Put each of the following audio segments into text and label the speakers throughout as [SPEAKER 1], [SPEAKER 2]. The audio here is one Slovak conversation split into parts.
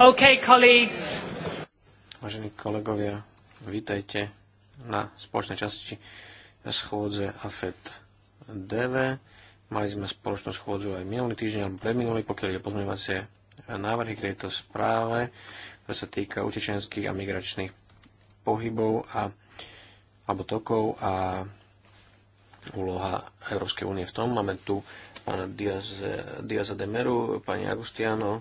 [SPEAKER 1] Okay, colleagues.
[SPEAKER 2] Vážení kolegovia, vítajte na spoločnej časti schôdze AFED DV. Mali sme spoločnú schôdzu aj minulý týždeň alebo predminulý, pokiaľ je pozmeňovacie návrhy k tejto správe, ktoré sa týka utečenských a migračných pohybov a, alebo tokov a úloha Európskej únie v tom. Máme tu pána Diaza de Meru, pani Agustiano,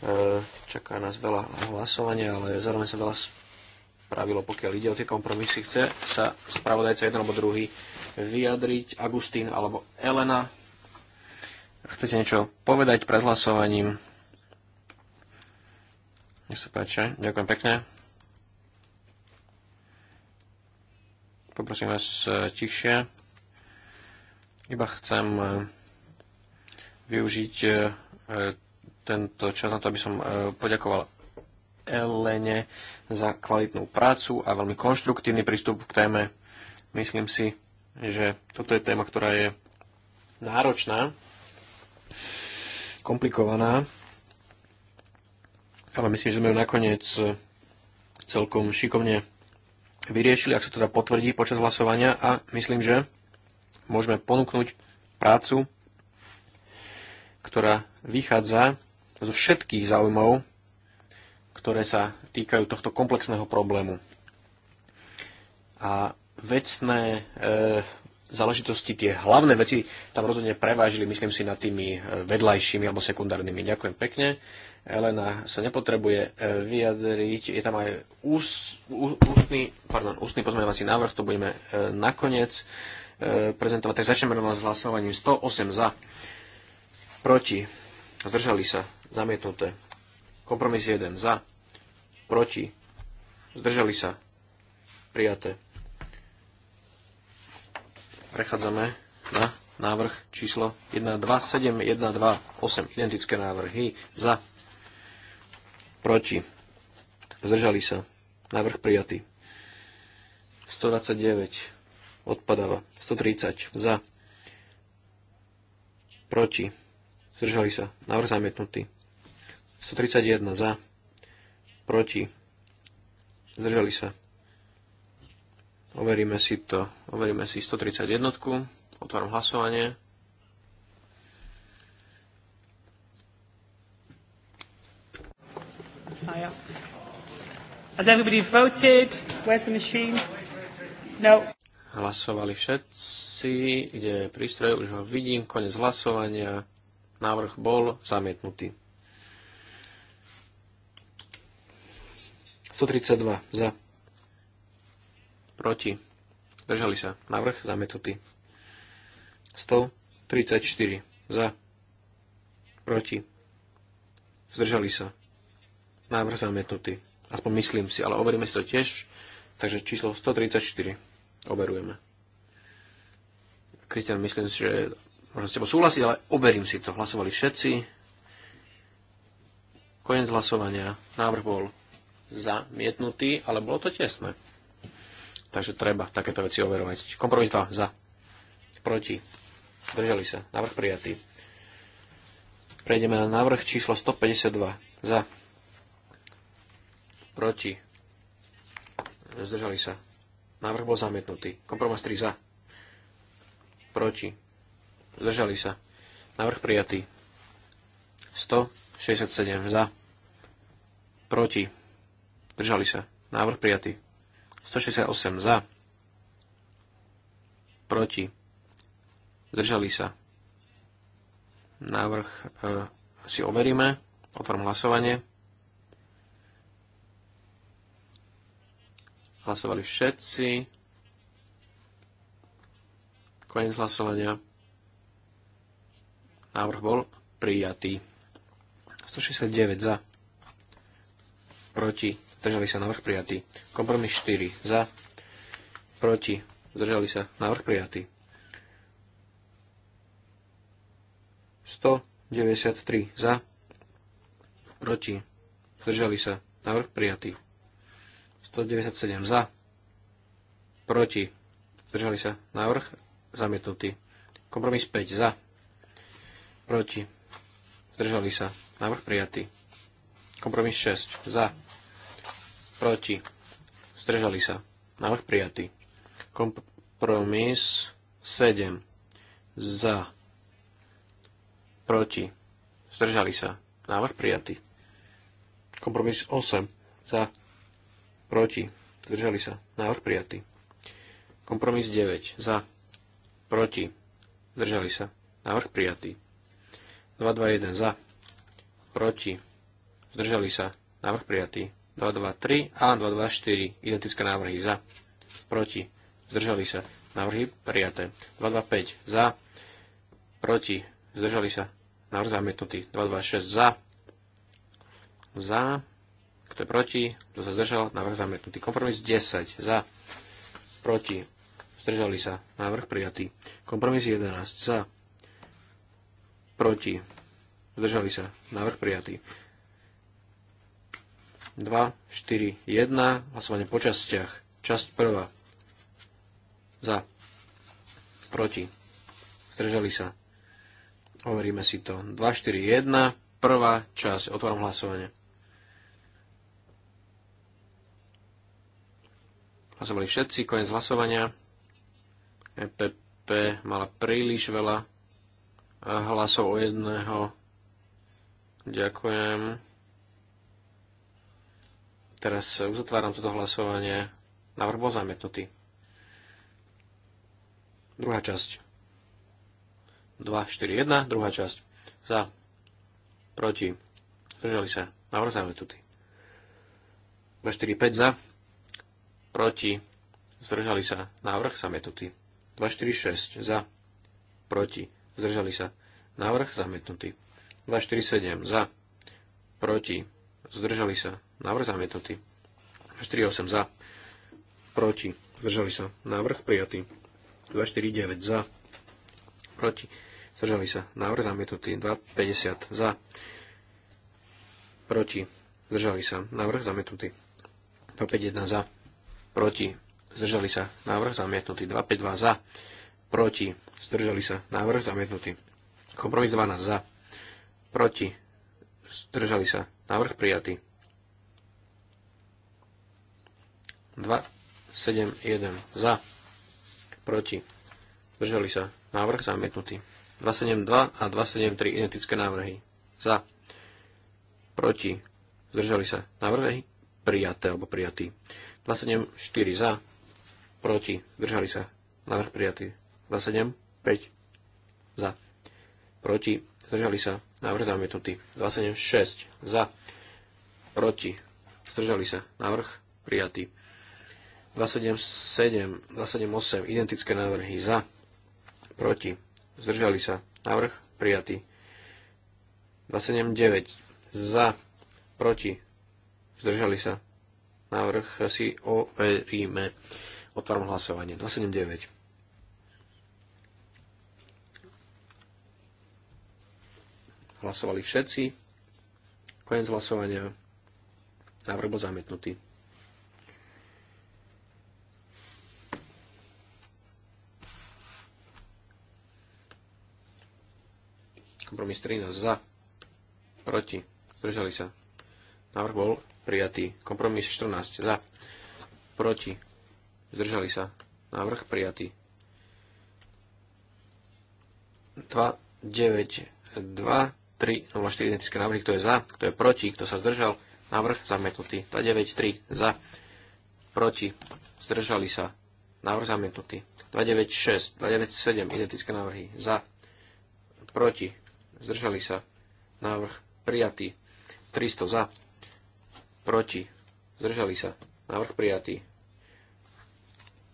[SPEAKER 2] E, čaká nás veľa hlasovania, ale zároveň sa veľa spravilo, pokiaľ ide o tie kompromisy. Chce sa spravodajca jeden alebo druhý vyjadriť, Agustín alebo Elena. Chcete niečo povedať pred hlasovaním? Nech sa páči. Ďakujem pekne. Poprosím vás e, tichšie. Iba chcem e, využiť tento čas na to, aby som e, poďakoval Elene za kvalitnú prácu a veľmi konštruktívny prístup k téme. Myslím si, že toto je téma, ktorá je náročná, komplikovaná, ale myslím, že sme ju nakoniec celkom šikovne vyriešili, ak sa teda potvrdí počas hlasovania a myslím, že môžeme ponúknuť prácu, ktorá vychádza zo všetkých záujmov, ktoré sa týkajú tohto komplexného problému. A vecné e, záležitosti, tie hlavné veci tam rozhodne prevážili, myslím si, nad tými e, vedľajšími alebo sekundárnymi. Ďakujem pekne. Elena sa nepotrebuje e, vyjadriť. Je tam aj ús, ú, ústny, pardon, ústny pozmeňovací návrh, to budeme e, nakoniec prezentovať. Tak začneme rovno s hlasovaním 108 za, proti, zdržali sa, zamietnuté. Kompromis 1 za, proti, zdržali sa, prijaté. Prechádzame na návrh číslo 1, 2, 7, 1, 2, 8. Identické návrhy za, proti, zdržali sa, návrh prijatý. 129 odpadáva, 130 za, proti, zdržali sa, návrh zamietnutý. 131 za, proti, zdržali sa. Overíme si to, overíme si 131, otváram hlasovanie.
[SPEAKER 1] Oh, Has everybody voted? Where's the machine? No.
[SPEAKER 2] Hlasovali všetci, kde je prístroj, už ho vidím, konec hlasovania, návrh bol zamietnutý. 132 za. Proti. Zdržali sa. Návrh zamietnutý. 134 za. Proti. Zdržali sa. Návrh zamietnutý. Aspoň myslím si, ale overíme si to tiež. Takže číslo 134 overujeme. Kristian, myslím si, že môžem s tebou súhlasiť, ale overím si to. Hlasovali všetci. Konec hlasovania. Návrh bol zamietnutý, ale bolo to tesné. Takže treba takéto veci overovať. Kompromis 2 za. Proti. Držali sa. Návrh prijatý. Prejdeme na návrh číslo 152. Za. Proti. Zdržali sa. Návrh bol zamietnutý. Kompromis 3 za. Proti. Zdržali sa. Návrh prijatý. 167 za. Proti Zdržali sa. Návrh prijatý. 168 za. Proti. Zdržali sa. Návrh e, si overíme. Otvorím hlasovanie. Hlasovali všetci. Koniec hlasovania. Návrh bol prijatý. 169 za. Proti zdržali sa, návrh prijatý. Kompromis 4 za, proti, zdržali sa, návrh prijatý. 193 za, proti, zdržali sa, návrh prijatý. 197 za, proti, zdržali sa, návrh zamietnutý. Kompromis 5 za, proti, zdržali sa, návrh prijatý. Kompromis 6 za, proti, zdržali sa, návrh prijatý. Kompromis 7, za, proti, zdržali sa, návrh prijatý. Kompromis 8, za, proti, zdržali sa, návrh prijatý. Kompromis 9, za, proti, zdržali sa, návrh prijatý. 221 za, proti, zdržali sa, návrh prijatý. 223 a 224. Identické návrhy za. Proti. Zdržali sa. Návrhy prijaté. 225 za. Proti. Zdržali sa. Návrh zamietnutý. 226 za. Za. Kto je proti? Kto sa zdržal? Návrh zamietnutý. Kompromis 10 za. Proti. Zdržali sa. Návrh prijatý. Kompromis 11 za. Proti. Zdržali sa. Návrh prijatý. 2, 4, 1, hlasovanie po častiach. Časť prvá. Za. Proti. Zdržali sa. Overíme si to. 2, 4, 1, prvá časť. Otváram hlasovanie. Hlasovali všetci, koniec hlasovania. EPP mala príliš veľa hlasov o jedného. Ďakujem. Teraz uzatváram toto hlasovanie. Návrh bol zamietnutý. Druhá časť. 2, 4, 1. Druhá časť. Za. Proti. Zdržali sa. Návrh zamietnutý. 2, 4, 5 za. Proti. Zdržali sa. Návrh zamietnutý. 2, 4, 6 za. Proti. Zdržali sa. Návrh zamietnutý. 2, 4, 7. za. Proti. Zdržali sa. Návrh zamietnutý. 4,8 za. Proti. Zdržali sa. Návrh prijatý. 2,49 za. Proti. Zdržali sa. Návrh zamietnutý. 2,50 za. Proti. Zdržali sa. Návrh zamietnutý. 2,51 za. Proti. Zdržali sa. Návrh zamietnutý. 2,52 za. Proti. Zdržali sa. Návrh zamietnutý. Kompromis 12 za. Proti. Zdržali sa. Návrh prijatý. 2, 7, 1 za, proti, zdržali sa, návrh zamietnutý. 272 a 273 identické návrhy. Za, proti, zdržali sa, návrhy prijaté alebo prijatý. 274 za, proti, zdržali sa, návrh prijatý. 275 za, proti, zdržali sa, návrh zamietnutý. 276 za, proti, zdržali sa, návrh prijatý. 27 278, identické návrhy za, proti, zdržali sa, návrh prijatý. 279, za, proti, zdržali sa, návrh si overíme. Otváram hlasovanie. 279. Hlasovali všetci. Koniec hlasovania. Návrh bol zamietnutý. Kompromis 13 za. Proti. Zdržali sa. Návrh bol prijatý. Kompromis 14 za. Proti. Zdržali sa. Návrh prijatý. 2, 9, 2, 3, 0, 4 identické návrhy. Kto je za, kto je proti, kto sa zdržal. Návrh zamietnutý. 2, 9, 3 za. Proti. Zdržali sa. Návrh zamietnutý. 296, 297 identické návrhy. Za. Proti zdržali sa, návrh prijatý. 300 za, proti, zdržali sa, návrh prijatý.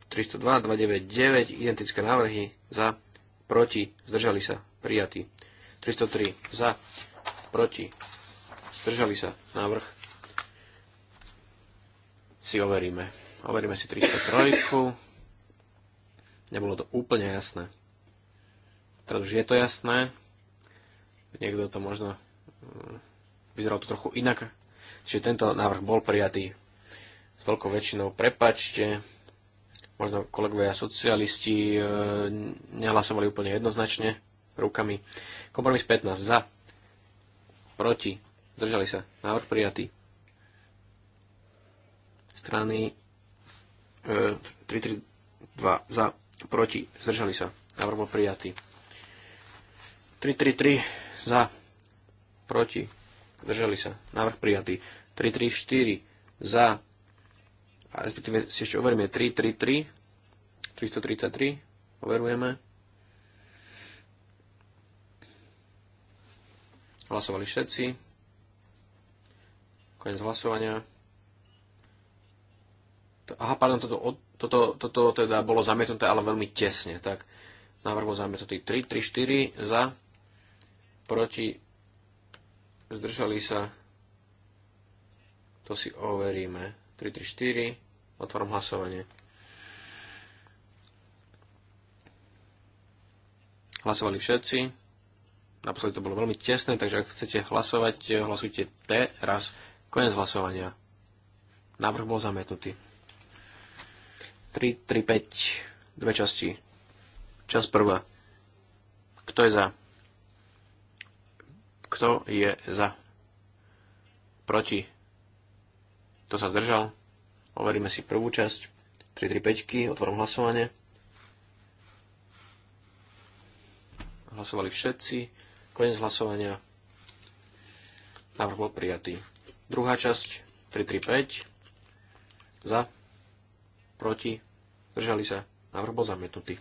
[SPEAKER 2] 302, 299, identické návrhy, za, proti, zdržali sa, prijatý. 303, za, proti, zdržali sa, návrh si overíme. Overíme si 303. Nebolo to úplne jasné. Teraz už je to jasné. Niekto to možno mm, vyzeralo to trochu inak. Čiže tento návrh bol prijatý s veľkou väčšinou. Prepačte, možno kolegovia socialisti e, nehlasovali úplne jednoznačne rukami. Kompromis 15 za, proti, držali sa, návrh prijatý. Strany e, 2 za, proti, zdržali sa, návrh bol prijatý. 333 za, proti, držali sa, návrh prijatý. 3, 3, 4, za, a respektíve si ešte overíme 3, 3, 3, 333, overujeme. Hlasovali všetci. Koniec hlasovania. Aha, pardon, toto, toto, toto teda bolo zamietnuté, ale veľmi tesne. Tak, návrh bol zamietnutý 3, 3, 4 za, proti, zdržali sa, to si overíme. 3-4 otvorím hlasovanie. Hlasovali všetci. Naposledy to bolo veľmi tesné, takže ak chcete hlasovať, hlasujte teraz. Konec hlasovania. Návrh bol zamietnutý. 3, 3, 5, dve časti. Čas prvá. Kto je za? Kto je za? Proti? Kto sa zdržal? Overíme si prvú časť. 335, otvorom hlasovanie. Hlasovali všetci. Konec hlasovania. Návrh bol prijatý. Druhá časť, 335. Za, proti, držali sa. Návrh bol zamietnutý.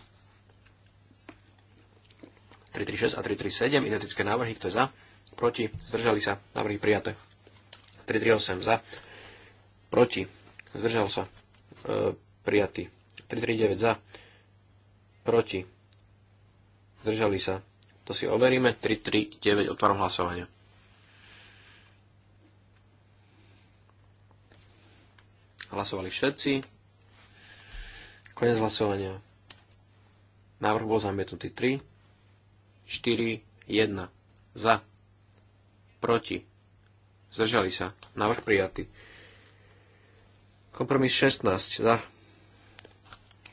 [SPEAKER 2] 336 a 337, identické návrhy, kto je za, proti, zdržali sa, návrhy prijaté. 338 za, proti, zdržal sa, e, prijatý. 339 za, proti, zdržali sa. To si overíme. 339, otváram hlasovanie. Hlasovali všetci. Konec hlasovania. Návrh bol zamietnutý 3, 4, 1 za proti, zdržali sa, návrh prijatý. Kompromis 16 za,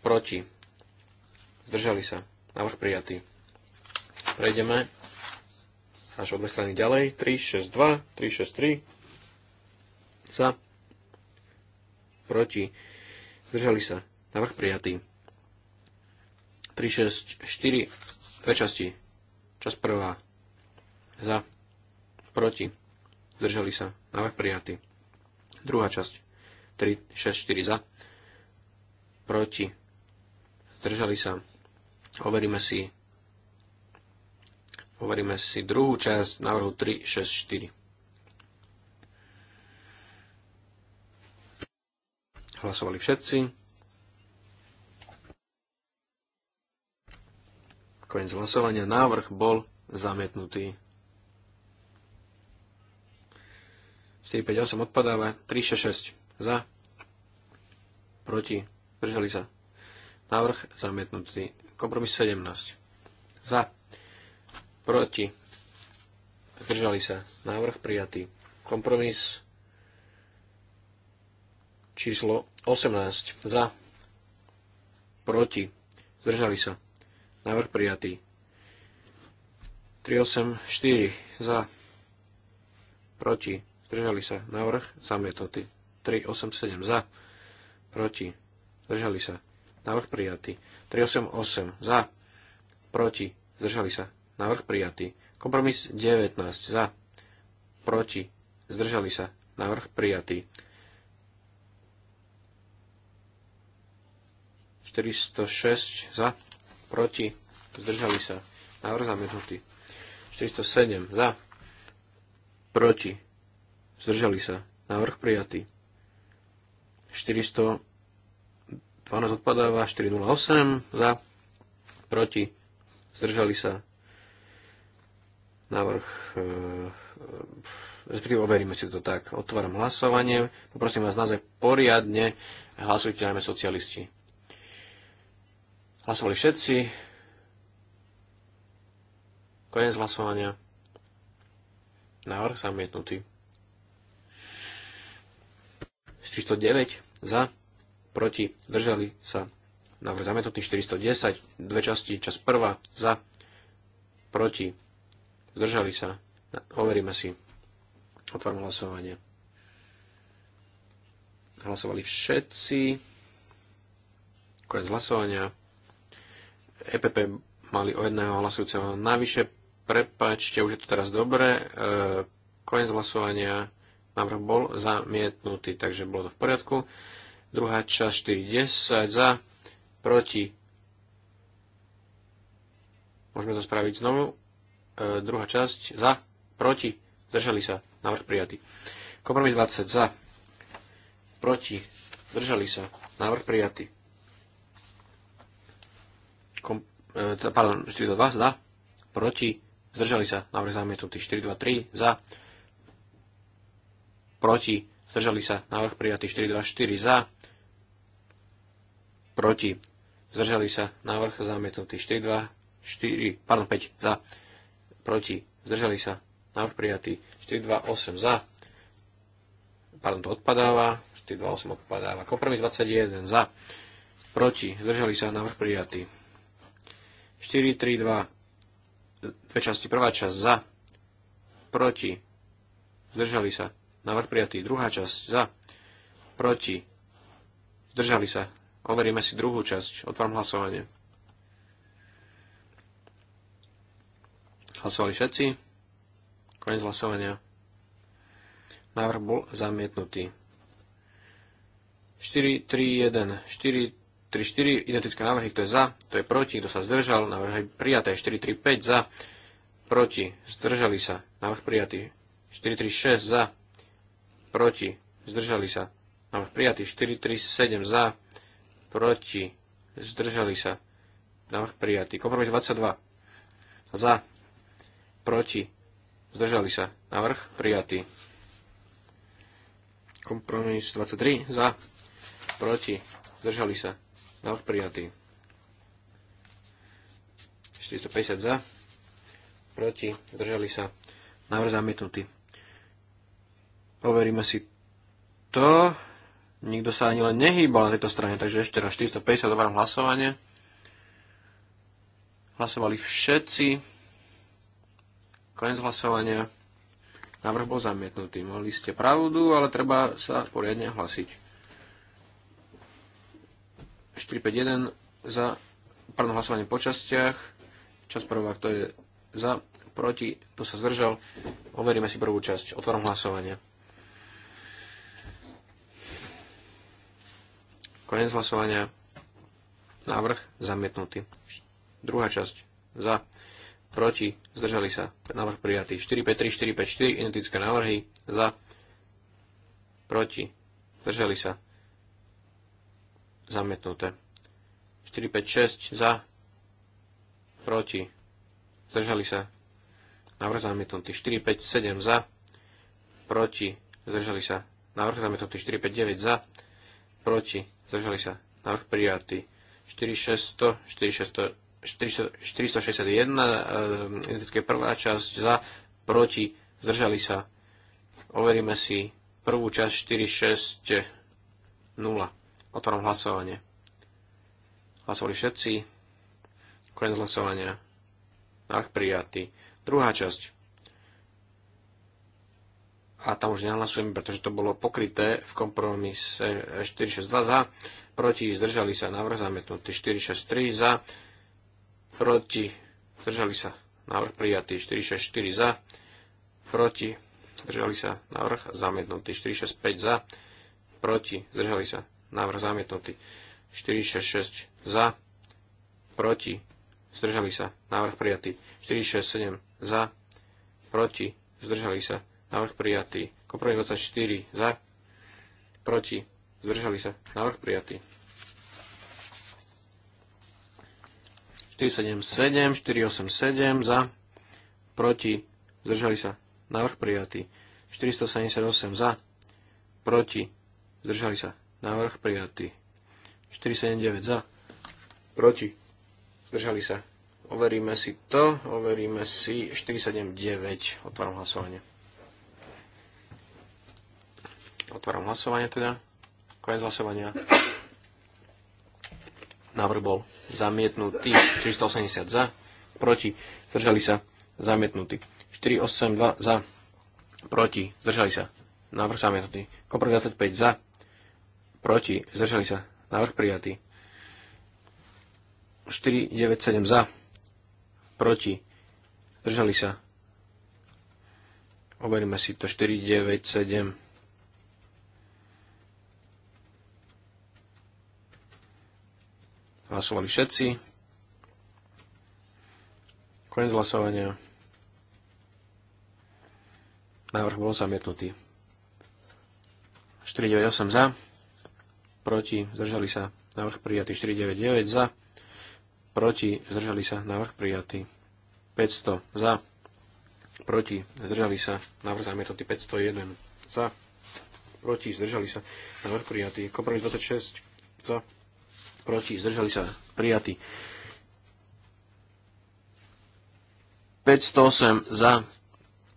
[SPEAKER 2] proti, zdržali sa, návrh prijatý. Prejdeme až od strany ďalej, 3, 6, 2, 3, 6, 3, za, proti, zdržali sa, návrh prijatý. 3, 6, 4, dve časti. Čas prvá. Za proti, zdržali sa, návrh prijatý. Druhá časť, 3, 6, 4 za, proti, zdržali sa, overíme si, overíme si druhú časť návrhu 3, 6, 4. Hlasovali všetci. Koniec hlasovania. Návrh bol zamietnutý. 458 odpadáva, 366 za, proti, držali sa. Návrh zamietnutý. Kompromis 17. Za, proti, zdržali sa. Návrh prijatý. Kompromis číslo 18. Za, proti, zdržali sa. Návrh prijatý. 384 za, proti, Držali sa, návrh zamietnutý. 387 za, proti, zdržali sa, návrh prijatý. 388 za, proti, zdržali sa, návrh prijatý. Kompromis 19 za, proti, zdržali sa, návrh prijatý. 406 za, proti, zdržali sa, návrh zamietnutý. 407 za, proti, Zdržali sa. Návrh prijatý. 412 odpadáva, 408 za, proti, zdržali sa. Návrh, e, e, respektíve overíme si to tak. Otváram hlasovanie. Poprosím vás naozaj poriadne, hlasujte najmä socialisti. Hlasovali všetci. Koniec hlasovania. Návrh zamietnutý. 409 za, proti, zdržali sa. Návrh zamietnutý 410, dve časti, čas prvá, za, proti, zdržali sa. Overíme si. Otvorím hlasovanie. Hlasovali všetci. Koniec hlasovania. EPP mali o jedného hlasujúceho navyše. Prepačte, už je to teraz dobré. E, koniec hlasovania. Návrh bol zamietnutý, takže bolo to v poriadku. Druhá časť 4.10 za, proti. Môžeme to spraviť znovu. E, druhá časť za, proti. Zdržali sa. Návrh prijatý. Kompromis 20 za, proti. Zdržali sa. Návrh prijatý. Kom, e, pardon, 4.2 za, proti. Zdržali sa. Návrh zamietnutý. 4.2.3 za, proti, zdržali sa, návrh prijatý 424 za, proti, zdržali sa, návrh zamietnutý 424, pardon 5 za, proti, zdržali sa, návrh prijatý 428 za, pardon to odpadáva, 428 odpadáva, kompromis 21 za, proti, zdržali sa, návrh prijatý 432, dve časti, prvá časť za, proti, zdržali sa, Návrh prijatý. Druhá časť za. Proti. Zdržali sa. Overíme si druhú časť. Otváram hlasovanie. Hlasovali všetci. Koniec hlasovania. Návrh bol zamietnutý. 4, 3, 1, 4, 3, 4, identické návrhy, kto je za, kto je proti, kto sa zdržal, návrh je prijaté, 4, 3, 5, za, proti, zdržali sa, návrh prijatý, 4, 3, 6, za, proti, zdržali sa. Máme prijatý 7 za, proti, zdržali sa. Návrh prijatý. Kompromis 22 za, proti, zdržali sa. Návrh prijatý. Kompromis 23 za, proti, zdržali sa. Návrh prijatý. 450 za, proti, zdržali sa. Návrh zamietnutý. Overíme si to. Nikto sa ani len nehýbal na tejto strane, takže ešte raz 450 dobrám hlasovanie. Hlasovali všetci. Koniec hlasovania. Návrh bol zamietnutý. Mali ste pravdu, ale treba sa poriadne hlasiť. 451 za, pardon, hlasovanie po častiach. Čas prvá, kto je za, proti, kto sa zdržal. Overíme si prvú časť. Otvorom hlasovanie. Konec hlasovania. Návrh zamietnutý. Druhá časť. Za. Proti. Zdržali sa. Návrh prijatý. 453, 454. Identické návrhy. Za. Proti. Zdržali sa. Zamietnuté. 456. Za. Proti. Zdržali sa. Návrh zamietnutý. 457. Za. Proti. Zdržali sa. Návrh zamietnutý. 9. Za proti, zdržali sa, návrh prijatý. 4600, 461, ehm, identické prvá časť za, proti, zdržali sa. Overíme si prvú časť 460. Otváram hlasovanie. Hlasovali všetci. Koniec hlasovania. Návrh prijatý. Druhá časť a tam už nehlasujeme, pretože to bolo pokryté v kompromise 462 za, proti zdržali sa návrh zamietnutý 463 za, proti zdržali sa návrh prijatý 464 za, proti zdržali sa návrh zamietnutý 465 za, proti zdržali sa návrh zamietnutý 466 za, proti zdržali sa návrh prijatý 467 za, proti zdržali sa Návrh prijatý. Kompromis 24. Za. Proti. Zdržali sa. Návrh prijatý. 477, 487 za, proti, zdržali sa, návrh prijatý. 478 za, proti, zdržali sa, návrh prijatý. 479 za, proti, zdržali sa. Overíme si to, overíme si 479, otváram hlasovanie. Otváram hlasovanie teda. Koniec hlasovania. Návrh bol zamietnutý. 480 za, proti, zdržali sa, zamietnutý. 482 za, proti, zdržali sa. Návrh zamietnutý. Kopr 25 za, proti, zdržali sa. Návrh prijatý. 497 za, proti, zdržali sa. Overíme si to 497. Hlasovali všetci. Koniec hlasovania. Návrh bol zamietnutý. 498 za. Proti. Zdržali sa. Návrh prijatý. 499 za. Proti. Zdržali sa. Návrh prijatý. 500 za. Proti. Zdržali sa. Návrh zamietnutý. 501 za. Proti. Zdržali sa. Návrh prijatý. Kompromis 26 za proti, zdržali sa, prijatí. 508 za,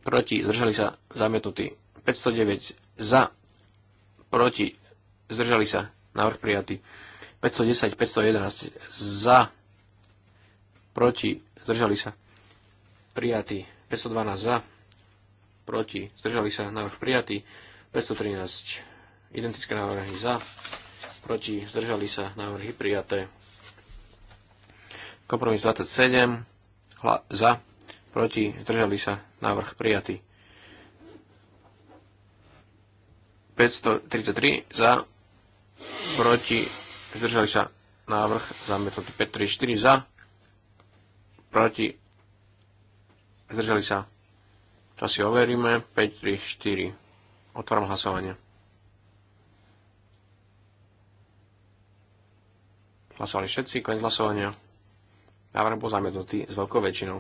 [SPEAKER 2] proti, zdržali sa, zamietnutí. 509 za, proti, zdržali sa, návrh prijatý. 510, 511 za, proti, zdržali sa, prijatý. 512 za, proti, zdržali sa, návrh prijatý. 513, identické návrhy za, proti, zdržali sa, návrhy prijaté. Kompromis 27, hla, za, proti, zdržali sa, návrh prijatý. 533 za, proti, zdržali sa, návrh zamietnutý. 534 za, proti, zdržali sa. To si overíme. 534. Otváram hlasovanie. Hlasovali všetci, koniec hlasovania. Návrh bol zamietnutý s veľkou väčšinou.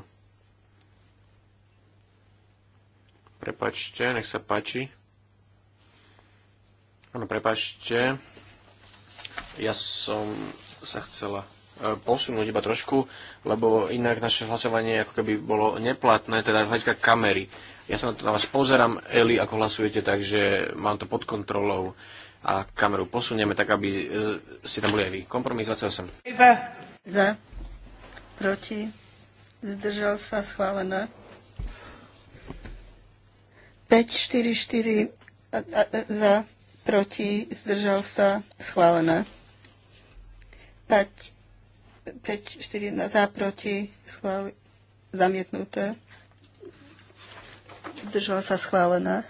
[SPEAKER 2] Prepačte, nech sa páči. Áno, prepačte. Ja som sa chcela e, posunúť iba trošku, lebo inak naše hlasovanie ako keby bolo neplatné, teda z hľadiska kamery. Ja sa na, to, na vás pozerám, Eli, ako hlasujete, takže mám to pod kontrolou a kameru posunieme tak, aby ste tam boli aj vy. Kompromis 28.
[SPEAKER 1] Za. Proti. Zdržal sa schválené. 5, 4, 4 a, a, a, za, proti, zdržal sa, schválené. 5, 5 4 na, za, proti, schváli, zamietnuté. Zdržal sa, schválené.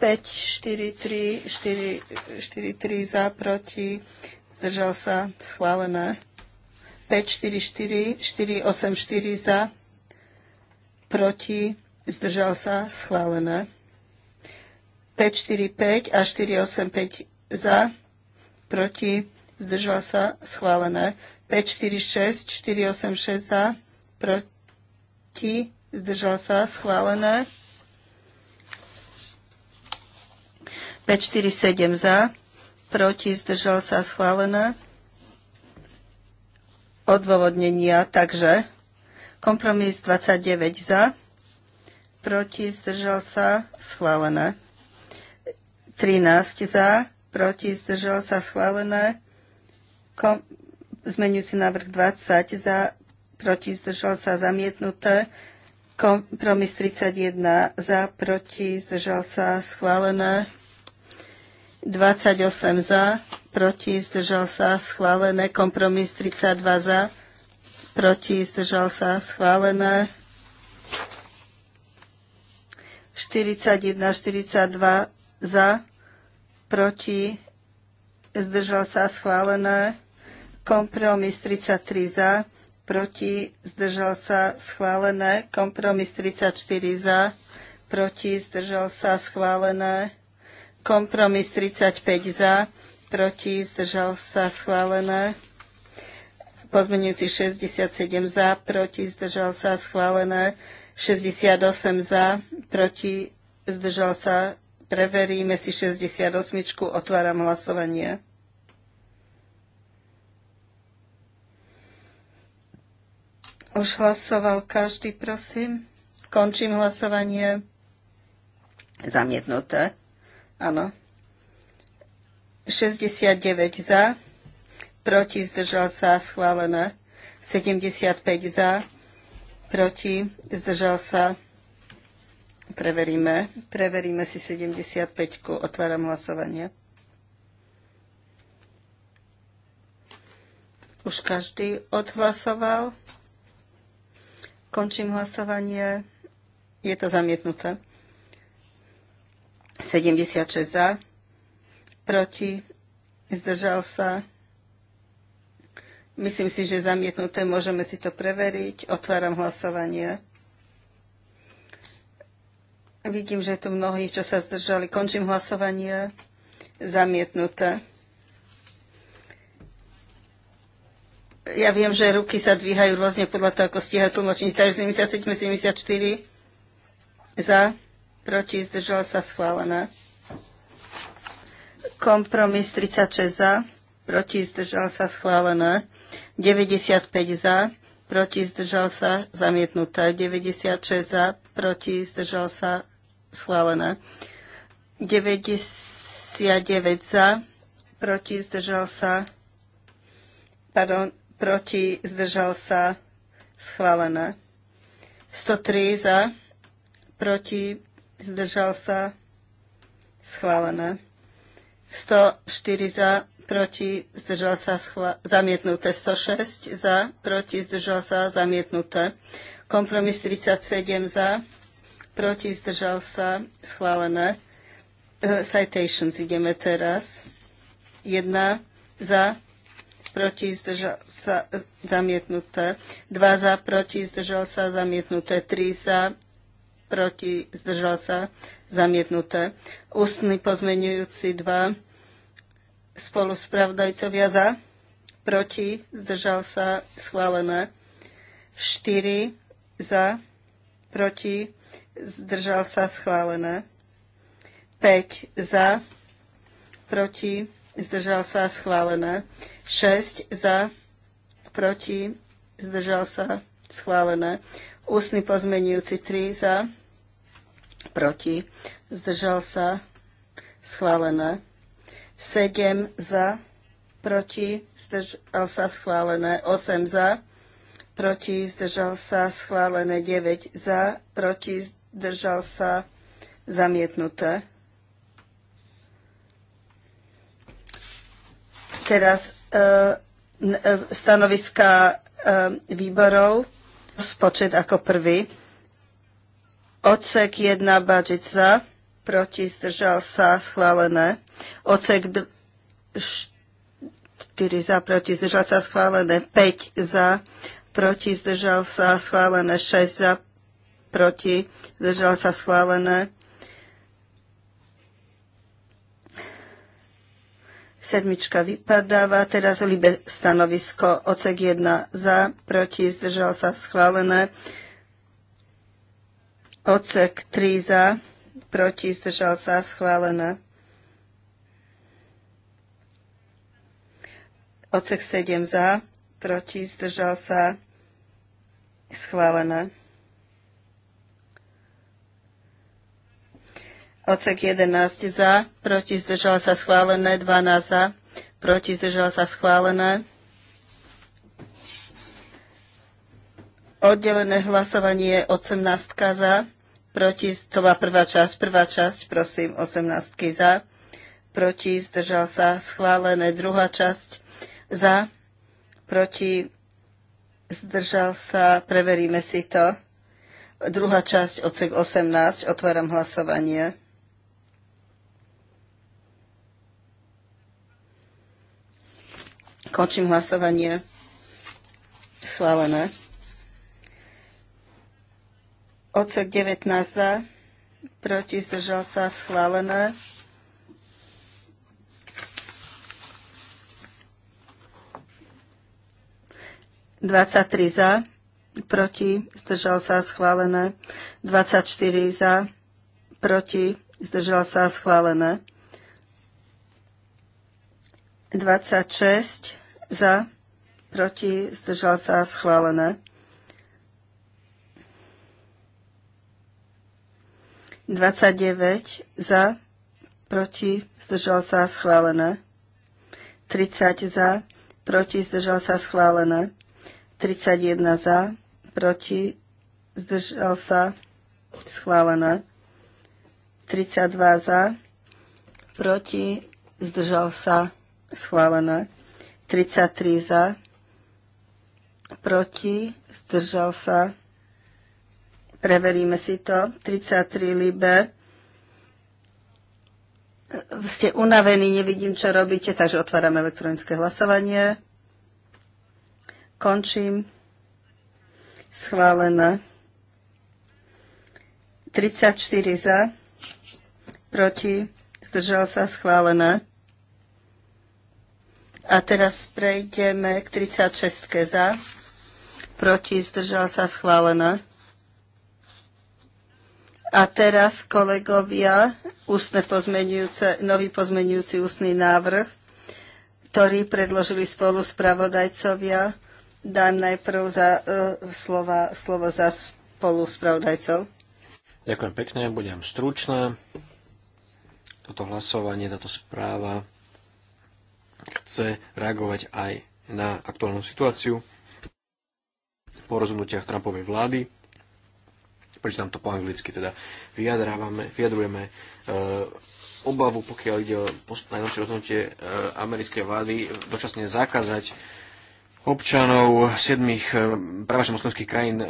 [SPEAKER 1] 5, 4, 3, 4, 4, 3 za, proti, zdržal sa, schválené. 5, 4, 4, 4, 8, 4 za, proti, zdržal sa, schválené. 5, 4, 5 a 4, 8, 5 za, proti, zdržal sa, schválené. 5, 4, 6, 4, 8, 6 za, proti, zdržal sa, schválené. 547 za, proti, zdržal sa schválená, Odôvodnenia, takže kompromis 29 za, proti, zdržal sa schválené. 13 za, proti, zdržal sa schválené. Kom- zmenujúci návrh 20 za, proti, zdržal sa zamietnuté. Kompromis 31 za, proti, zdržal sa schválené. 28 za, proti zdržal sa schválené, kompromis 32 za, proti zdržal sa schválené, 41, 42 za, proti zdržal sa schválené, kompromis 33 za, proti zdržal sa schválené, kompromis 34 za, proti zdržal sa schválené, Kompromis 35 za, proti, zdržal sa schválené. Pozmeňujúci 67 za, proti, zdržal sa schválené. 68 za, proti, zdržal sa. Preveríme si 68. Otváram hlasovanie. Už hlasoval každý, prosím. Končím hlasovanie. Zamietnuté. Áno. 69 za, proti zdržal sa schválené. 75 za, proti zdržal sa. Preveríme. Preveríme si 75. Otváram hlasovanie. Už každý odhlasoval. Končím hlasovanie. Je to zamietnuté. 76 za, proti, zdržal sa. Myslím si, že zamietnuté, môžeme si to preveriť. Otváram hlasovanie. Vidím, že je tu mnohí, čo sa zdržali. Končím hlasovanie. Zamietnuté. Ja viem, že ruky sa dvíhajú rôzne podľa toho, ako stíha tlmočníci. Takže 77, 74 za proti, zdržala sa schválená, Kompromis 36 za, proti, zdržal sa schválené. 95 za, proti, zdržal sa zamietnuté. 96 za, proti, zdržal sa schválené. 99 za, proti, zdržal sa pardon, proti, zdržal sa schválené. 103 za, proti, zdržal sa, schválené. 104 za, proti, zdržal sa, schva- zamietnuté. 106 za, proti, zdržal sa, zamietnuté. Kompromis 37 za, proti, zdržal sa, schválené. E, citations ideme teraz. 1 e, za, proti, zdržal sa, zamietnuté. 2 za, proti, zdržal sa, zamietnuté. 3 za, proti, zdržal sa, zamietnuté. Ústny pozmenujúci 2, spolu spravodajcovia za, proti, zdržal sa, schválené. 4 za, proti, zdržal sa, schválené. 5 za, proti, zdržal sa, schválené. 6 za, proti, zdržal sa, schválené. Ústny pozmenujúci 3 za, proti, zdržal sa, schválené. 7 za, proti, zdržal sa, schválené. 8 za, proti, zdržal sa, schválené. 9 za, proti, zdržal sa, zamietnuté. Teraz e, e stanoviska e, výborov, spočet ako prvý. Ocek 1 budget za, proti zdržal sa schválené. Ocek 4 za, proti zdržal sa schválené. 5 za, proti zdržal sa schválené. 6 za, proti zdržal sa schválené. Sedmička vypadáva, teraz libe stanovisko, ocek 1 za, proti, zdržal sa schválené. Ocek 3 za, proti, zdržal sa, schválené. Ocek 7 za, proti, zdržal sa, schválené. Ocek 11 za, proti, zdržal sa, schválené. 12 za, proti, zdržal sa, schválené. Oddelené hlasovanie 18 za, proti, to bola prvá časť, prvá časť, prosím, 18 za, proti, zdržal sa, schválené, druhá časť, za, proti, zdržal sa, preveríme si to. Druhá časť, odsek 18, otváram hlasovanie. Končím hlasovanie. Schválené. Odsek 19 za, proti zdržal sa schválené. tri za, proti, zdržal sa schválené. 24 za, proti, zdržal sa schválené. 26 za, proti, zdržal sa schválené. 29 za, proti, zdržal sa schválené. 30 za, proti, zdržal sa schválené. 31 za, proti, zdržal sa schválené. 32 za, proti, zdržal sa schválené. 33 za, proti, zdržal sa preveríme si to, 33 libe. Ste unavení, nevidím, čo robíte, takže otváram elektronické hlasovanie. Končím. Schválené. 34 za, proti, zdržal sa, schválené. A teraz prejdeme k 36 za, proti, zdržal sa, schválené. A teraz, kolegovia, ústne pozmenujúce, nový pozmenujúci ústny návrh, ktorý predložili spolu spravodajcovia. Dám najprv za, uh, slova, slovo za spolu spravodajcov.
[SPEAKER 2] Ďakujem pekne, budem stručná. Toto hlasovanie, táto správa chce reagovať aj na aktuálnu situáciu po rozhodnutiach Trumpovej vlády prečítam to po anglicky, teda vyjadrujeme e, obavu, pokiaľ ide o najnovšie rozhodnutie e, americkej vlády dočasne zakázať občanov siedmých e, právačne moslimských krajín e,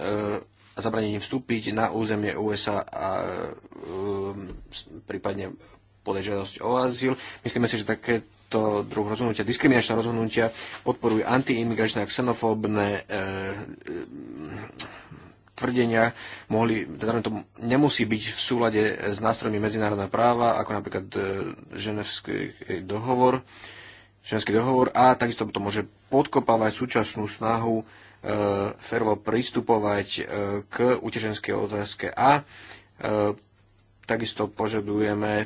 [SPEAKER 2] zabranením vstúpiť na územie USA a e, prípadne podať žiadosť o azyl. Myslíme si, že takéto druh rozhodnutia, diskriminačné rozhodnutia podporujú antiimigračné a xenofóbne e, e, tvrdenia mohli, teda to nemusí byť v súlade s nástrojmi medzinárodného práva, ako napríklad e, ženevský e, dohovor, ženský dohovor a takisto to môže podkopávať súčasnú snahu e, férovo pristupovať e, k uteženskej otázke a e, takisto požadujeme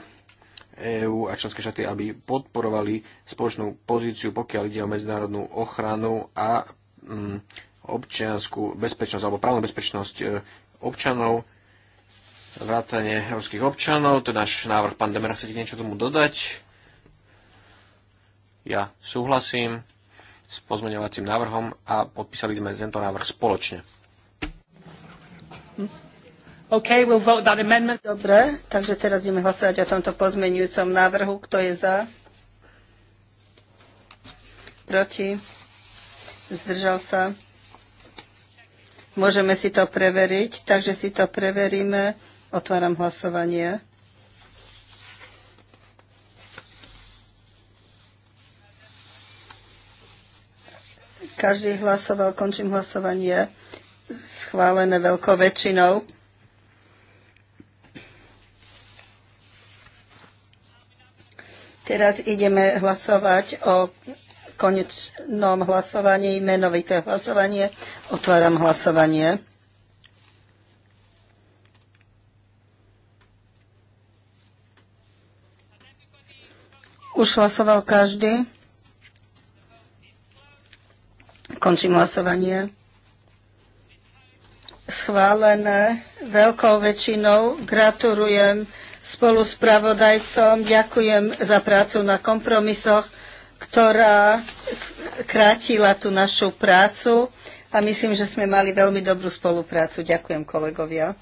[SPEAKER 2] EÚ a členské štáty, aby podporovali spoločnú pozíciu, pokiaľ ide o medzinárodnú ochranu a mm, občianskú bezpečnosť alebo právnu bezpečnosť e, občanov, vrátanie európskych občanov. To je náš návrh. Pán Demera, chcete niečo tomu dodať? Ja súhlasím s pozmeňovacím návrhom a podpísali sme tento návrh spoločne.
[SPEAKER 1] Okay, we'll vote that amendment. Dobre, takže teraz ideme hlasovať o tomto pozmeňujúcom návrhu. Kto je za? Proti? Zdržal sa? Môžeme si to preveriť, takže si to preveríme. Otváram hlasovanie. Každý hlasoval, končím hlasovanie. Schválené veľkou väčšinou. Teraz ideme hlasovať o konečnom hlasovaní, menovité hlasovanie. Otváram hlasovanie. Už hlasoval každý? Končím hlasovanie. Schválené veľkou väčšinou. Gratulujem spolu s pravodajcom. Ďakujem za prácu na kompromisoch ktorá krátila tú našu prácu a myslím, že sme mali veľmi dobrú spoluprácu. Ďakujem kolegovia.